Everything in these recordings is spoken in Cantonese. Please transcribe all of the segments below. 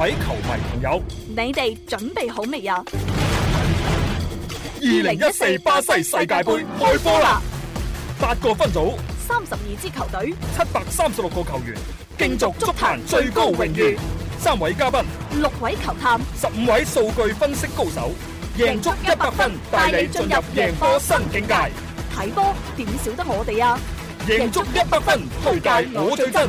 各位球迷朋友，你哋準備好未啊？二零一四巴西世界杯開波啦！八個分組，三十二支球隊，七百三十六個球員，競逐足壇最高榮譽。三位嘉賓，六位球探，十五位數據分析高手，贏足一百分，帶你進入贏波新境界。睇波點少得我哋啊！贏足一百分推介我最真。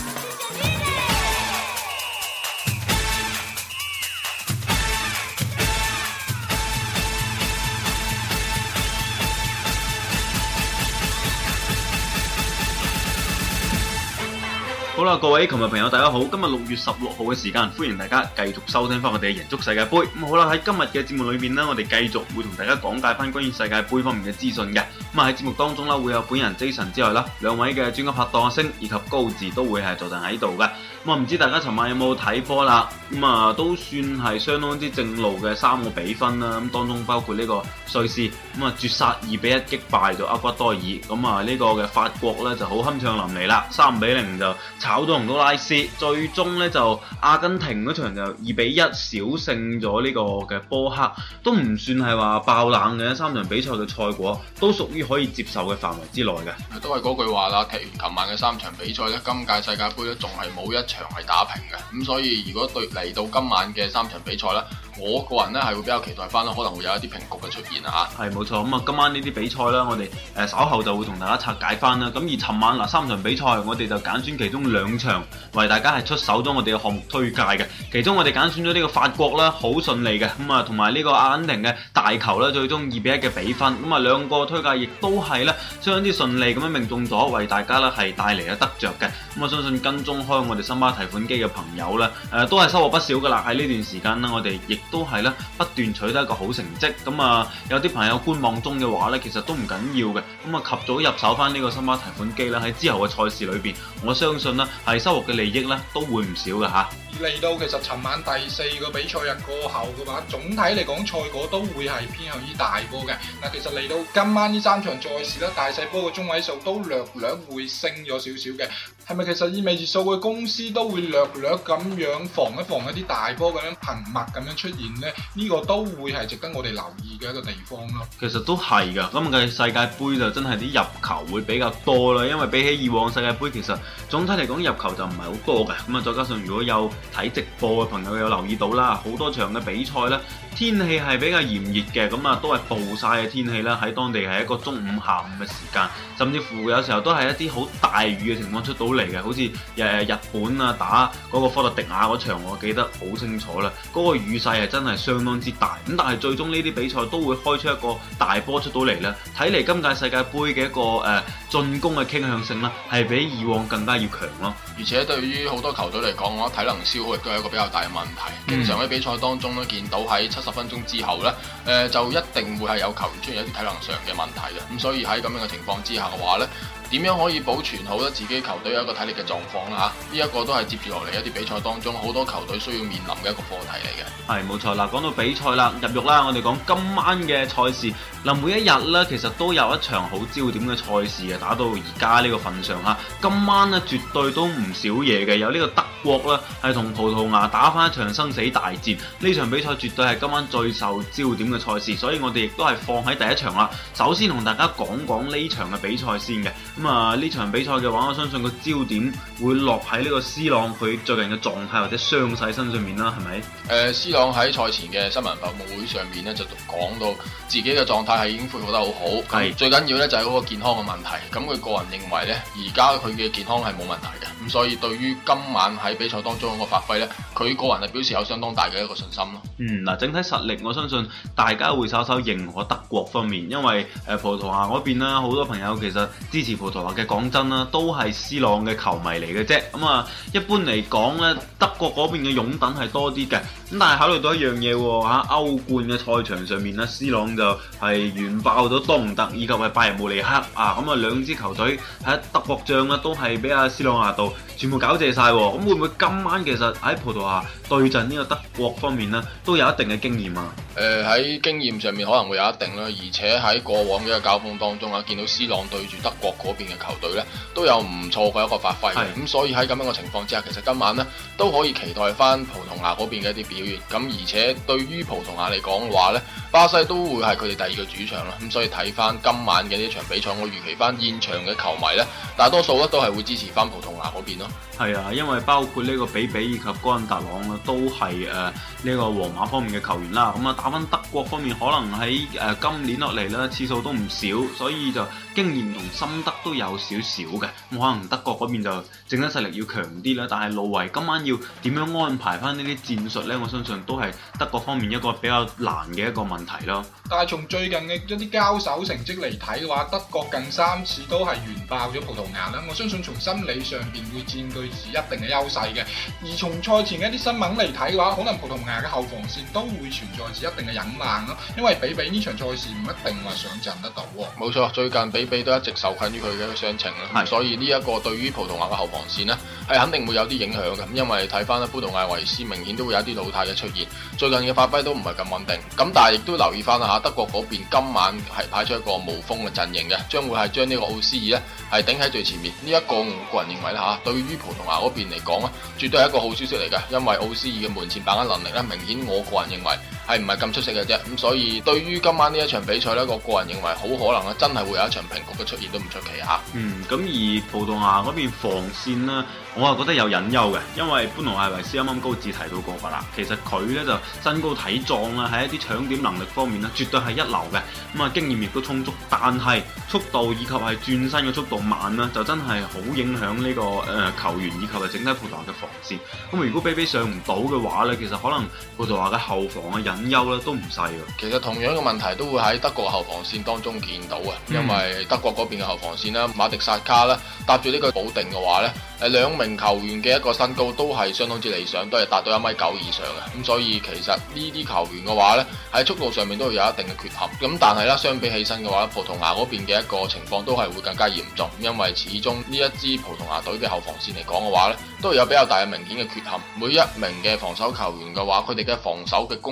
好啦，各位球迷朋友，大家好！今日六月十六號嘅時間，歡迎大家繼續收聽翻我哋嘅贏足世界杯。咁好啦，喺今日嘅節目裏面呢，我哋繼續會同大家講解翻關於世界杯方面嘅資訊嘅。咁啊喺節目當中啦，會有本人 Jason 之外啦，兩位嘅專家拍檔星以及高志都會係坐陣喺度嘅。咁、嗯、啊，唔知大家尋晚有冇睇波啦？咁、嗯、啊，都算係相當之正路嘅三個比分啦。咁、嗯、當中包括呢個瑞士咁啊、嗯、絕殺二比一擊敗咗厄瓜多爾。咁啊呢個嘅法國咧就好酣暢淋漓啦，三比零就。搞到洪都拉斯，最終咧就阿根廷嗰場就二比一小勝咗呢個嘅波克，都唔算係話爆冷嘅三場比賽嘅賽果，都屬於可以接受嘅範圍之內嘅。都係嗰句話啦，踢完琴晚嘅三場比賽咧，今屆世界盃咧仲係冇一場係打平嘅，咁所以如果對嚟到今晚嘅三場比賽咧。我個人咧係會比較期待翻啦，可能會有一啲平局嘅出現啊！係冇錯，咁啊今晚這些賽呢啲比賽咧，我哋誒稍後就會同大家拆解翻啦。咁而尋晚嗱三場比賽，我哋就揀選其中兩場為大家係出手咗我哋嘅項目推介嘅。其中我哋揀選咗呢個法國啦，好順利嘅咁啊，同埋呢個阿根廷嘅大球咧，最終二比一嘅比分咁啊兩個推介亦都係咧相當之順利咁樣命中咗，為大家咧係帶嚟咗得着嘅。咁我相信跟蹤開我哋新巴提款機嘅朋友咧，誒都係收穫不少嘅啦。喺呢段時間呢，我哋亦都係咧不斷取得一個好成績，咁啊有啲朋友觀望中嘅話咧，其實都唔緊要嘅，咁啊及早入手翻呢個新馬提款機啦，喺之後嘅賽事裏邊，我相信啦係收穫嘅利益咧都會唔少嘅嚇。嚟、啊、到其實尋晚第四個比賽日過後嘅話，總體嚟講賽果都會係偏向於大波嘅。嗱，其實嚟到今晚呢三場賽事咧，大細波嘅中位數都略略會升咗少少嘅。係咪其實意味住數據公司都會略略咁樣防一防一啲大波咁樣頻密咁樣出現呢？呢個都會係值得我哋留意嘅一個地方咯。其實都係㗎，咁嘅世界盃就真係啲入球會比較多啦，因為比起以往世界盃，其實總體嚟講入球就唔係好多嘅。咁啊，再加上如果有睇直播嘅朋友有留意到啦，好多場嘅比賽咧，天氣係比較炎熱嘅，咁啊都係暴曬嘅天氣啦，喺當地係一個中午下午嘅時間，甚至乎有時候都係一啲好大雨嘅情況出到。嚟嘅，好似日本啊打嗰個科特迪亞嗰場，我記得好清楚啦。嗰、嗰個雨勢係真係相當之大，咁但係最終呢啲比賽都會開出一個大波出到嚟。呢睇嚟今屆世界盃嘅一個、呃、進攻嘅傾向性呢，係比以往更加要強咯。而且對於好多球隊嚟講，我體能消耗亦都係一個比較大嘅問題。經、嗯、常喺比賽當中咧，見到喺七十分鐘之後呢、呃，就一定會係有球員出現有啲體能上嘅問題啦。咁所以喺咁樣嘅情況之下嘅話呢。點樣可以保存好咧自己球隊一個體力嘅狀況啦？吓，呢一個都係接住落嚟一啲比賽當中好多球隊需要面臨嘅一個課題嚟嘅。係冇錯啦，講到比賽啦，入獄啦，我哋講今晚嘅賽事。嗱，每一日呢，其實都有一場好焦點嘅賽事嘅，打到而家呢個份上吓，今晚呢，絕對都唔少嘢。嘅有呢個德國啦，係同葡萄牙打返一場生死大戰。呢場比賽絕對係今晚最受焦點嘅賽事，所以我哋亦都係放喺第一場啦。首先同大家講講呢場嘅比賽先嘅。咁啊，呢場比賽嘅話，我相信個焦點會落喺呢個 C 朗佢最近嘅狀態或者傷勢身上面啦，係咪？誒、呃、C 朗喺賽前嘅新聞發佈會上面咧，就講到自己嘅狀態係已經恢復得好好。係。最緊要咧就係嗰個健康嘅問題。咁佢個人認為呢，而家佢嘅健康係冇問題嘅。咁所以對於今晚喺比賽當中個發揮呢，佢個人係表示有相當大嘅一個信心咯。嗯，嗱，整體實力我相信大家會稍稍認可德國方面，因為誒、呃、葡萄牙嗰邊啦，好多朋友其實支持葡。嘅講真啦，都係 C 朗嘅球迷嚟嘅啫。咁啊，一般嚟講咧，德國嗰邊嘅擁躉係多啲嘅。咁但係考慮到一樣嘢喎嚇，歐冠嘅賽場上面咧，C 朗就係完爆咗多特，以及係拜仁慕尼黑啊。咁啊，兩支球隊喺德國仗咧都係俾阿 C 朗壓到。全部搞謝晒喎，咁會唔會今晚其實喺葡萄牙對陣呢個德國方面呢都有一定嘅經驗啊？誒喺、呃、經驗上面可能會有一定啦，而且喺過往嘅一個交鋒當中啊，見到 C 朗對住德國嗰邊嘅球隊呢都有唔錯嘅一個發揮嘅，咁是所以喺咁樣嘅情況之下，其實今晚呢都可以期待翻葡萄牙嗰邊嘅一啲表現，咁而且對於葡萄牙嚟講嘅話呢。巴西都會係佢哋第二個主場啦，咁所以睇翻今晚嘅呢一場比賽，我預期翻現場嘅球迷咧，大多數咧都係會支持翻葡萄牙嗰邊咯。係啊，因為包括呢個比比以及甘達朗啊，都係誒呢個皇馬方面嘅球員啦。咁、嗯、啊，打翻德國方面，可能喺誒、呃、今年落嚟咧次數都唔少，所以就經驗同心得都有少少嘅。咁、嗯、可能德國嗰邊就整體實力要強啲啦，但係路維今晚要點樣安排翻呢啲戰術咧，我相信都係德國方面一個比較難嘅一個問題。問題咯。但係從最近嘅一啲交手成績嚟睇嘅話，德國近三次都係完爆咗葡萄牙啦。我相信從心理上邊會佔據住一定嘅優勢嘅。而從賽前嘅一啲新聞嚟睇嘅話，可能葡萄牙嘅後防線都會存在住一定嘅隱患咯。因為比比呢場賽事唔一定話上陣得到。冇錯，最近比比都一直受困於佢嘅一個傷情啦，的所以呢一個對於葡萄牙嘅後防線呢，係肯定會有啲影響嘅。因為睇翻咧，葡萄牙維斯明顯都會有一啲老態嘅出現，最近嘅發揮都唔係咁穩定。咁但係亦都留意翻啦吓，德國嗰邊今晚係派出一個無鋒嘅陣營嘅，將會係將這個呢個奧斯爾咧係頂喺最前面。呢、這、一個我個人認為啦吓、啊，對於葡萄牙嗰邊嚟講咧，絕對係一個好消息嚟嘅，因為奧斯爾嘅門前把握能力咧，明顯我個人認為。係唔係咁出色嘅啫？咁所以對於今晚呢一場比賽呢，我個人認為好可能啊，真係會有一場平局嘅出現都唔出奇嚇。嗯，咁而葡萄牙嗰邊防線呢，我啊覺得有隱憂嘅，因為本來係維斯啱啱高志提到過啦，其實佢呢就身高體壯啊，喺一啲搶點能力方面呢，絕對係一流嘅。咁啊經驗亦都充足，但係速度以及係轉身嘅速度慢啦，就真係好影響呢、這個誒、呃、球員以及係整體葡萄牙嘅防線。咁如果比比上唔到嘅話呢，其實可能葡萄牙嘅後防啊隱憂都唔細㗎。其實同樣嘅問題都會喺德國後防線當中見到啊。因為德國嗰邊嘅後防線啦，嗯、馬迪薩卡啦，搭住呢個保定嘅話呢，誒兩名球員嘅一個身高都係相當之理想，都係達到一米九以上嘅。咁所以其實呢啲球員嘅話呢，喺速度上面都會有一定嘅缺陷。咁但係啦，相比起身嘅話，葡萄牙嗰邊嘅一個情況都係會更加嚴重，因為始終呢一支葡萄牙隊嘅後防線嚟講嘅話呢，都有比較大嘅明顯嘅缺陷。每一名嘅防守球員嘅話，佢哋嘅防守嘅功。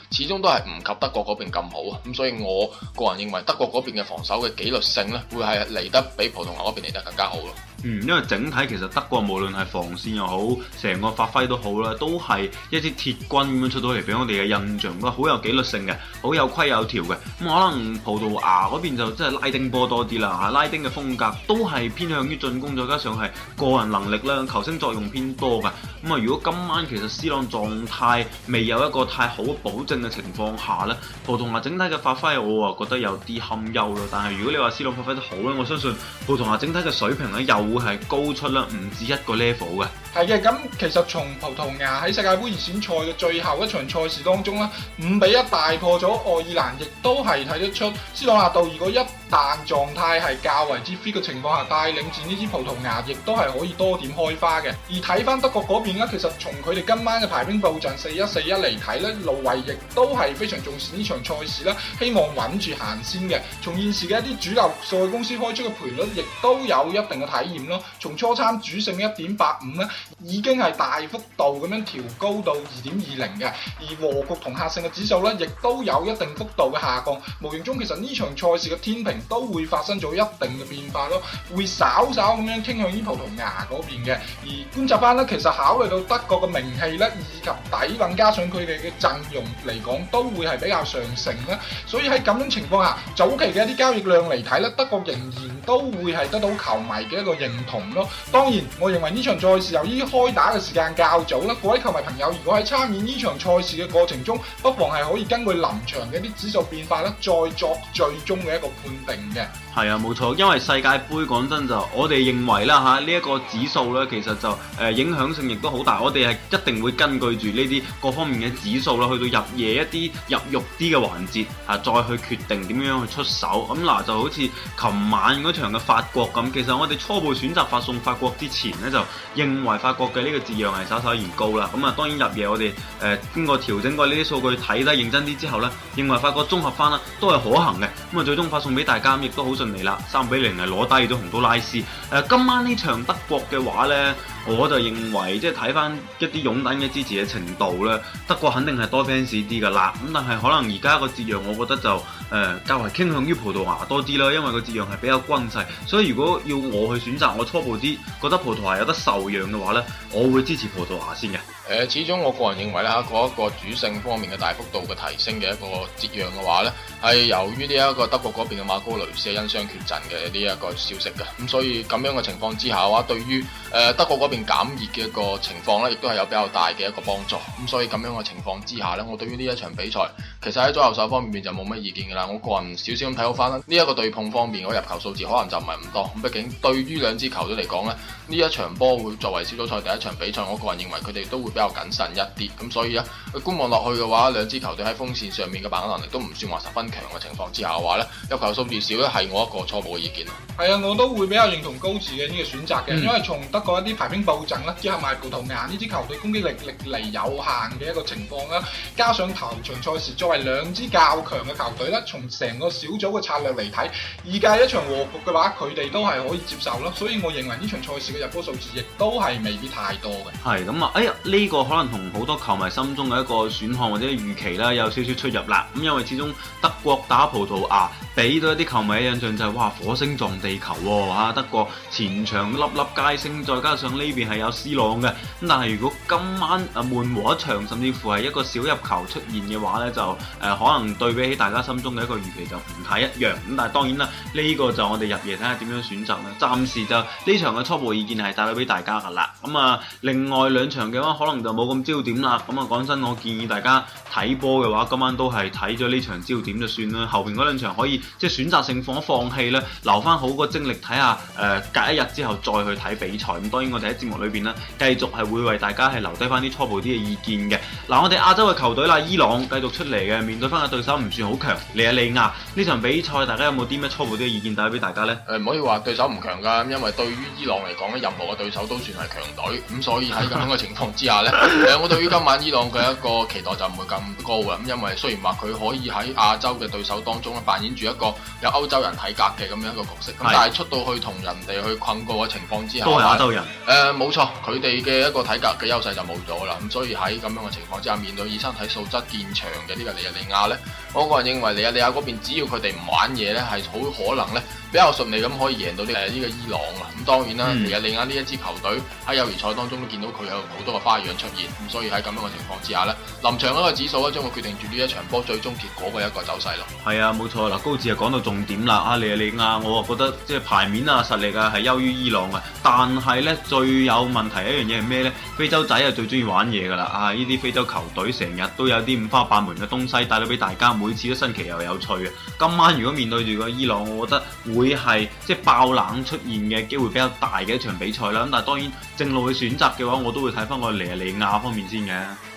始終都係唔及德國嗰邊咁好啊！咁所以我個人認為德國嗰邊嘅防守嘅紀律性咧，會係嚟得比葡萄牙嗰邊嚟得更加好咯。嗯，因為整體其實德國無論係防線又好，成個發揮都好啦，都係一支鐵軍咁樣出到嚟，俾我哋嘅印象都好有紀律性嘅，好有規有條嘅。咁、嗯、可能葡萄牙嗰邊就即係拉丁波多啲啦嚇，拉丁嘅風格都係偏向於進攻，再加上係個人能力啦，球星作用偏多嘅。咁、嗯、啊，如果今晚其實 C 朗狀態未有一個太好嘅保證。嘅情況下咧，葡萄牙整體嘅發揮我啊覺得有啲堪憂咯。但係如果你話 C 朗發揮得好咧，我相信葡萄牙整體嘅水平咧又會係高出啦唔止一個 level 嘅。係嘅，咁、嗯、其實從葡萄牙喺世界杯預選賽嘅最後一場賽事當中啦，五比一大破咗愛爾蘭，亦都係睇得出 C 朗下度如果一旦狀態係較為之 fit 嘅情況下，帶領住呢支葡萄牙亦都係可以多點開花嘅。而睇翻德國嗰邊咧，其實從佢哋今晚嘅排兵佈陣四一四一嚟睇咧，路維亦。都係非常重視場賽呢場賽事啦，希望穩住行先嘅。從現時嘅一啲主流數據公司開出嘅賠率，亦都有一定嘅體驗咯。從初參主勝嘅一點八五咧，已經係大幅度咁樣調高到二點二零嘅。而和局同客勝嘅指數咧，亦都有一定幅度嘅下降。無形中其實呢場賽事嘅天平都會發生咗一定嘅變化咯，會稍稍咁樣傾向於葡萄牙嗰邊嘅。而觀察翻咧，其實考慮到德國嘅名氣咧，以及底藴加上佢哋嘅陣容嚟。講都會係比較上乘啦，所以喺咁樣情況下，早期嘅一啲交易量嚟睇咧，德國仍然都會係得到球迷嘅一個認同咯。當然，我認為呢場賽事由於開打嘅時間較早啦，各位球迷朋友，如果喺參與呢場賽事嘅過程中，不妨係可以根據臨場嘅一啲指數變化咧，再作最終嘅一個判定嘅。係啊，冇錯，因為世界盃講真就，我哋認為啦嚇，呢一個指數咧，其實就誒、呃、影響性亦都好大，我哋係一定會根據住呢啲各方面嘅指數啦，去到入夜一啲入肉啲嘅環節嚇、啊，再去決定點樣去出手。咁嗱就好似琴晚嗰場嘅法國咁，其實我哋初步選擇發送法國之前咧，就認為法國嘅呢個字樣係稍稍嫌高啦。咁啊當然入夜我哋誒、呃、經過調整過呢啲數據睇得認真啲之後咧，認為法國綜合翻啦都係可行嘅。咁啊最終發送俾大家，亦都好。順利啦，三比零係攞低咗洪都拉斯。誒、呃，今晚呢場德國嘅話咧？我就認為即係睇返一啲擁躉嘅支持嘅程度咧，德國肯定係多 fans 啲㗎喇。咁但係可能而家個節約，我覺得就誒、呃、較為傾向於葡萄牙多啲啦，因為個節約係比較均勢。所以如果要我去選擇，我初步啲覺得葡萄牙有得受讓嘅話咧，我會支持葡萄牙先嘅。誒、呃，始終我個人認為咧一、那個主勝方面嘅大幅度嘅提升嘅一個節約嘅話咧，係由於呢一個德國嗰邊嘅馬高雷斯因傷缺陣嘅呢一個消息嘅。咁所以咁樣嘅情況之下嘅話，對於誒、呃、德國嗰減熱嘅一個情況咧，亦都係有比較大嘅一個幫助，咁所以咁樣嘅情況之下呢，我對於呢一場比賽，其實喺左右手方面就冇乜意見噶啦。我個人少少咁睇好翻啦，呢、這、一個對碰方面嘅入球數字可能就唔係咁多，畢竟對於兩支球隊嚟講呢，呢一場波會作為小組賽第一場比賽，我個人認為佢哋都會比較謹慎一啲，咁所以咧，觀望落去嘅話，兩支球隊喺鋒線上面嘅把握能力都唔算話十分強嘅情況之下嘅話呢，入球數字少咧係我一個初步嘅意見。係啊，我都會比較認同高志嘅呢個選擇嘅，因為從德國一啲排名。暴震啦，之後埋葡萄牙呢支球隊攻擊力歷嚟有限嘅一個情況啦，加上頭場賽事作為兩支較強嘅球隊咧，從成個小組嘅策略嚟睇，而家一場和局嘅話，佢哋都係可以接受囉。所以我認為呢場賽事嘅入波數字亦都係未必太多嘅。係咁啊，哎呀呢、這個可能同好多球迷心中嘅一個選項或者預期啦，有少少出入啦。咁因為始終德國打葡萄牙俾到一啲球迷嘅印象就係、是、哇火星撞地球喎啊！德國前場粒粒，粒皆星，再加上呢。呢邊係有 C 朗嘅，咁但係如果今晚啊悶和一場，甚至乎係一個小入球出現嘅話呢就誒、呃、可能對比起大家心中嘅一個預期就唔太一樣。咁但係當然啦，呢、這個就我哋入夜睇下點樣選擇啦。暫時就呢場嘅初步意見係帶到俾大家噶啦。咁、嗯、啊，另外兩場嘅話可能就冇咁焦點啦。咁、嗯、啊，講真，我建議大家睇波嘅話，今晚都係睇咗呢場焦點就算啦。後邊嗰兩場可以即係、就是、選擇性放一放棄啦，留翻好個精力睇下誒隔一日之後再去睇比賽。咁、嗯、當然我哋喺節目裏邊呢，繼續係會為大家係留低翻啲初步啲嘅意見嘅。嗱，我哋亞洲嘅球隊啦，伊朗繼續出嚟嘅，面對翻嘅對手唔算好強，尼日的、啊、利亞呢場比賽，大家有冇啲咩初步啲嘅意見帶俾大家呢？誒、呃，唔可以話對手唔強噶，因為對於伊朗嚟講咧，任何嘅對手都算係強隊。咁所以喺咁嘅情況之下呢、 呃，我對於今晚伊朗嘅一個期待就唔會咁高嘅。咁因為雖然話佢可以喺亞洲嘅對手當中咧扮演住一個有歐洲人體格嘅咁樣一個角色，咁的但係出到去同人哋去困過嘅情況之下，都係亞洲人、呃冇錯，佢哋嘅一個體格嘅優勢就冇咗啦。咁所以喺咁樣嘅情況之下，面對以身體素質見長嘅呢個尼日利亞呢，我個人認為尼日利亞嗰邊只要佢哋唔玩嘢呢，係好可能呢，比較順利咁可以贏到呢個伊朗啦，咁當然啦，尼日、嗯、利亞呢一支球隊喺友誼賽當中都見到佢有好多個花樣出現，咁所以喺咁樣嘅情況之下呢，臨場一個指數咧，將會決定住呢一場波最終結果嘅一個走勢咯。係啊，冇錯啦，高智就講到重點啦，啊尼日利亞我啊覺得即係牌面啊、實力啊係優於伊朗啊。但係呢最有問題一樣嘢係咩呢？非洲仔係最中意玩嘢㗎啦，啊呢啲非洲球隊成日都有啲五花八門嘅東西帶到俾大家，每次都新奇又有趣啊！今晚如果面對住個伊朗，我覺得會會係即係爆冷出現嘅機會比較大嘅一場比賽啦，咁但係當然正路嘅選擇嘅話，我都會睇翻個尼日利亞方面先嘅。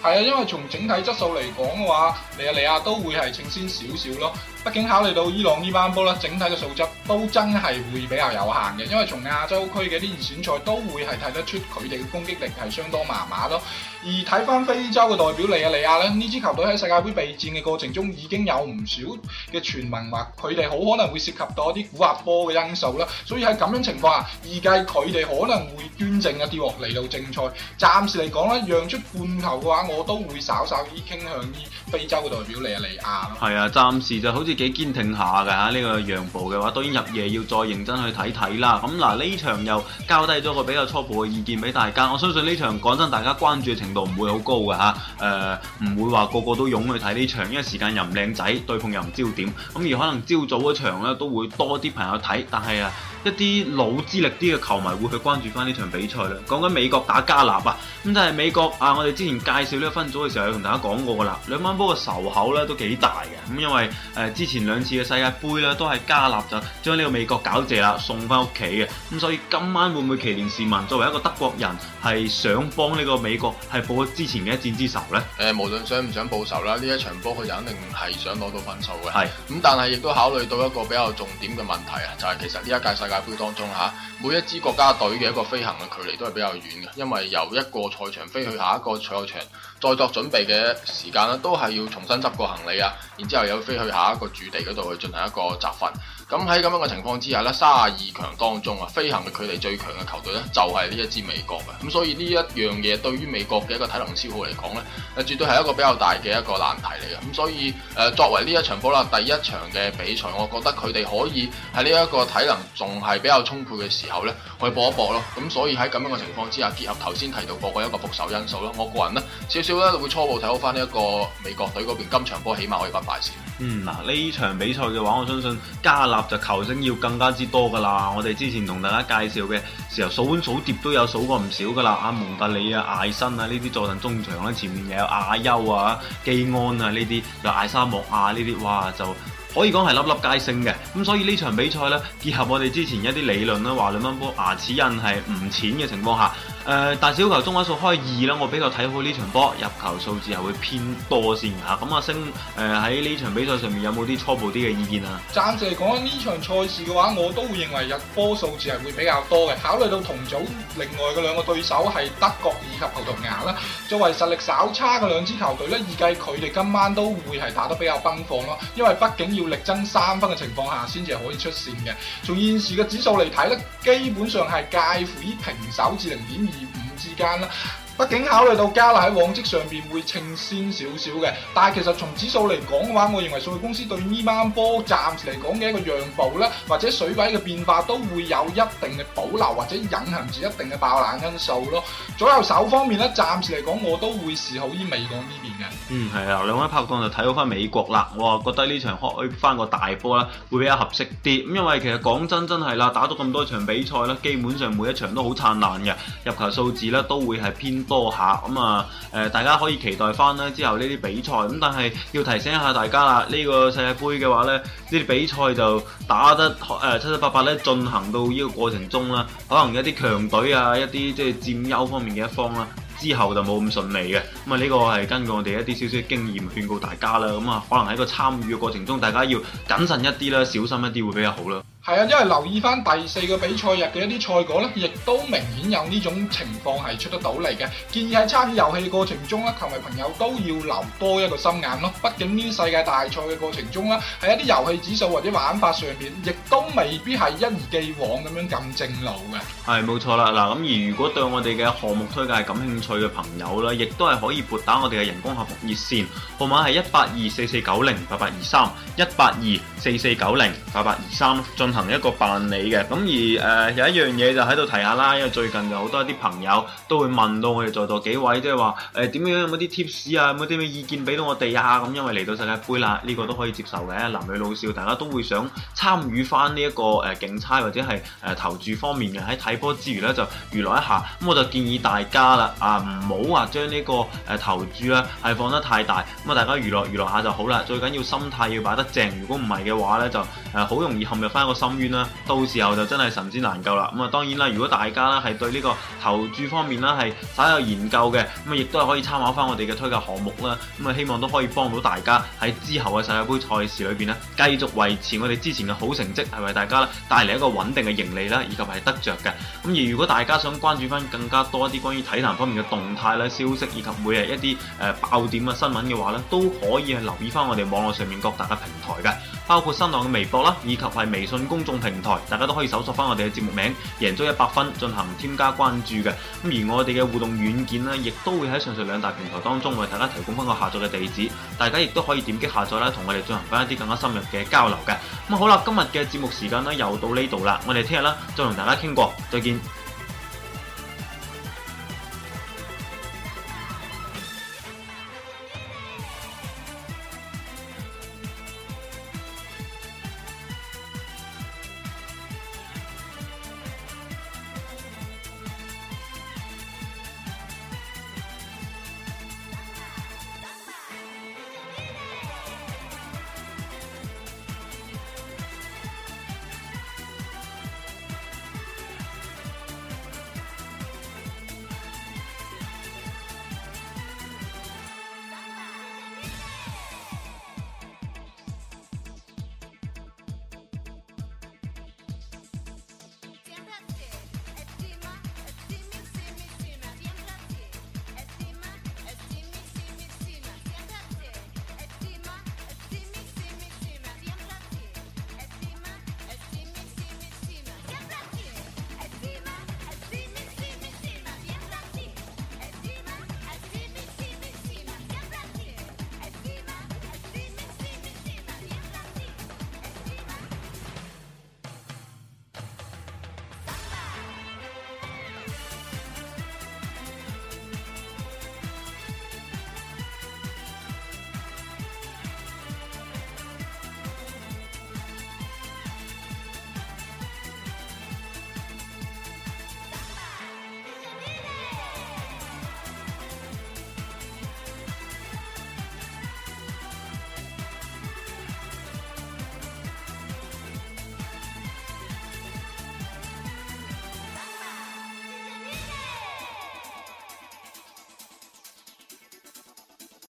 係啊，因為從整體質素嚟講嘅話，尼日利亞都會係稱先少少咯。畢竟考慮到伊朗班呢班波啦，整體嘅素質都真係會比較有限嘅，因為從亞洲區嘅啲選賽都會係睇得出佢哋嘅攻擊力係相當麻麻咯。而睇翻非洲嘅代表尼日利亞咧，呢支球隊喺世界盃備戰嘅過程中已經有唔少嘅傳聞話佢哋好可能會涉及到一啲古惑波嘅因素啦。所以喺咁樣情況下，預計佢哋可能會端正一啲嚟到正賽。暫時嚟講咧，讓出半球嘅話，我都會稍稍啲傾向於非洲嘅代表尼日利亞咯。係啊，暫時就好似。幾堅挺堅下嘅吓，呢、這個讓步嘅話，當然入夜要再認真去睇睇啦。咁嗱呢場又交低咗個比較初步嘅意見俾大家，我相信呢場講真，大家關注嘅程度唔會好高嘅吓。誒、呃，唔會話個個都湧去睇呢場，因為時間又唔靚仔，對碰又唔焦要點。咁而可能朝早嗰場咧，都會多啲朋友睇，但係啊。一啲老資歷啲嘅球迷會去關注翻呢場比賽啦。講緊美國打加納啊，咁就係美國啊，我哋之前介紹呢個分組嘅時候，有同大家講過噶啦。兩班波嘅仇口咧都幾大嘅，咁因為之前兩次嘅世界盃咧都係加納就將呢個美國搞謝啦，送翻屋企嘅。咁所以今晚會唔會奇連士文作為一個德國人係想幫呢個美國係報之前嘅一戰之仇呢？誒、呃，無論想唔想報仇啦，呢一場波佢就肯定係想攞到分數嘅。係是。咁但係亦都考慮到一個比較重點嘅問題啊，就係、是、其實呢一屆世界。世界杯當中吓，每一支國家隊嘅一個飛行嘅距離都係比較遠嘅，因為由一個賽場飛去下一個賽場，再作準備嘅時間咧，都係要重新執過行李啊，然之後又飛去下一個駐地嗰度去進行一個集訓。咁喺咁樣嘅情況之下咧，卅二強當中啊，飛行嘅距離最強嘅球隊咧，就係、是、呢一支美國嘅。咁所以呢一樣嘢對於美國嘅一個體能消耗嚟講咧，誒絕對係一個比較大嘅一個難題嚟嘅。咁所以誒、呃、作為呢一場波啦，第一場嘅比賽，我覺得佢哋可以喺呢一個體能仲係比較充沛嘅時候咧，去搏一搏咯。咁所以喺咁樣嘅情況之下，結合頭先提到過嘅一個復仇因素咯，我個人呢，少少咧會初步睇好翻呢一個美國隊嗰邊，今場波起碼可以不敗先。嗯，嗱呢場比賽嘅話，我相信加納。就球星要更加之多噶啦！我哋之前同大家介紹嘅時候數碗數碟都有數過唔少噶啦，阿、啊、蒙特里啊、艾辛啊呢啲坐陣中場咧，前面又有阿優、啊、基安啊呢啲，有艾沙莫亞啊呢啲，哇就可以講係粒粒皆星嘅。咁所以呢場比賽呢，結合我哋之前一啲理論啦，話兩班波牙齒、啊、印係唔淺嘅情況下。誒大、呃、小球中位數開二啦，我比較睇好呢場波入球數字係會偏多先。咁阿、啊啊、星喺呢、呃、場比賽上面有冇啲初步啲嘅意見啊？暫時嚟講呢場賽事嘅話，我都會認為入波數字係會比較多嘅。考慮到同組另外嘅兩個對手係德國以及葡萄牙啦，作為實力稍差嘅兩支球隊呢，預計佢哋今晚都會係打得比較奔放咯。因為畢竟要力爭三分嘅情況下先至可以出線嘅。從現時嘅指數嚟睇呢，基本上係介乎於平手至零點二。二五之間啦。畢竟考慮到加納喺往績上邊會稱先少少嘅，但係其實從指數嚟講嘅話，我認為數據公司對呢班波暫時嚟講嘅一個讓步啦，或者水位嘅變化都會有一定嘅保留，或者隱含住一定嘅爆冷因素咯。左右手方面咧，暫時嚟講我都會視好於美國呢邊嘅。嗯，係啊，兩位拍檔就睇到翻美國啦，我覺得呢場開翻個大波啦會比較合適啲。因為其實講真真係啦，打咗咁多場比賽咧，基本上每一場都好燦爛嘅入球數字咧都會係偏多下咁啊！誒，大家可以期待翻啦。之後呢啲比賽咁，但係要提醒一下大家啦，呢個世界杯嘅話咧，呢啲比賽就打得誒七七八八咧，進行到呢個過程中啦，可能一啲強隊啊，一啲即係佔優方面嘅一方啦，之後就冇咁順利嘅。咁啊，呢個係根據我哋一啲少少經驗勸告大家啦。咁啊，可能喺個參與嘅過程中，大家要謹慎一啲啦，小心一啲會比較好啦。係啊，因為留意返第四個比賽日嘅一啲賽果咧，亦都明顯有呢種情況係出得到嚟嘅。建議喺參與遊戲過程中咧，球迷朋友都要留多一個心眼咯。畢竟呢啲世界大賽嘅過程中咧，喺一啲遊戲指數或者玩法上面，亦都未必係一如既往咁樣咁正路嘅。係冇錯啦，嗱咁而如果對我哋嘅項目推介感興趣嘅朋友咧，亦都係可以撥打我哋嘅人工客服熱線號碼係一八二四四九零八八二三一八二四四九零八八二三。行一個辦理嘅咁而、呃、有一樣嘢就喺度提下啦，因為最近有好多啲朋友都會問到我哋在座幾位，即係話點樣有冇啲 tips 啊，有冇啲咩意見俾到我哋啊咁、嗯，因為嚟到世界杯啦，呢、呢個都可以接受嘅，男、啊、女老少大家都會想參與翻呢一個、呃、競猜或者係、呃、投注方面嘅，喺睇波之餘咧就娛樂一下，咁我就建議大家啦，啊唔好話將呢個、呃、投注咧係放得太大，咁啊大家娛樂娛樂下就好啦，最緊要心態要擺得正，如果唔係嘅話咧就好、呃、容易陷入翻一個咁遠啦，到時候就真係神仙難救啦。咁啊，當然啦，如果大家啦係對呢個投注方面啦係稍有研究嘅，咁啊亦都係可以參考翻我哋嘅推介項目啦。咁啊，希望都可以幫到大家喺之後嘅世界盃賽事裏邊咧，繼續維持我哋之前嘅好成績，係為大家咧帶嚟一個穩定嘅盈利啦，以及係得着嘅。咁而如果大家想關注翻更加多一啲關於體壇方面嘅動態啦、消息，以及每日一啲誒爆點嘅新聞嘅話咧，都可以係留意翻我哋網絡上面各大嘅平台嘅。包括新浪嘅微博啦，以及係微信公眾平台，大家都可以搜索翻我哋嘅節目名，贏咗一百分進行添加關注嘅。咁而我哋嘅互動軟件咧，亦都會喺上述兩大平台當中為大家提供翻個下載嘅地址，大家亦都可以點擊下載啦，同我哋進行翻一啲更加深入嘅交流嘅。咁好啦，今日嘅節目時間呢又到呢度啦，我哋聽日啦，再同大家傾過，再見。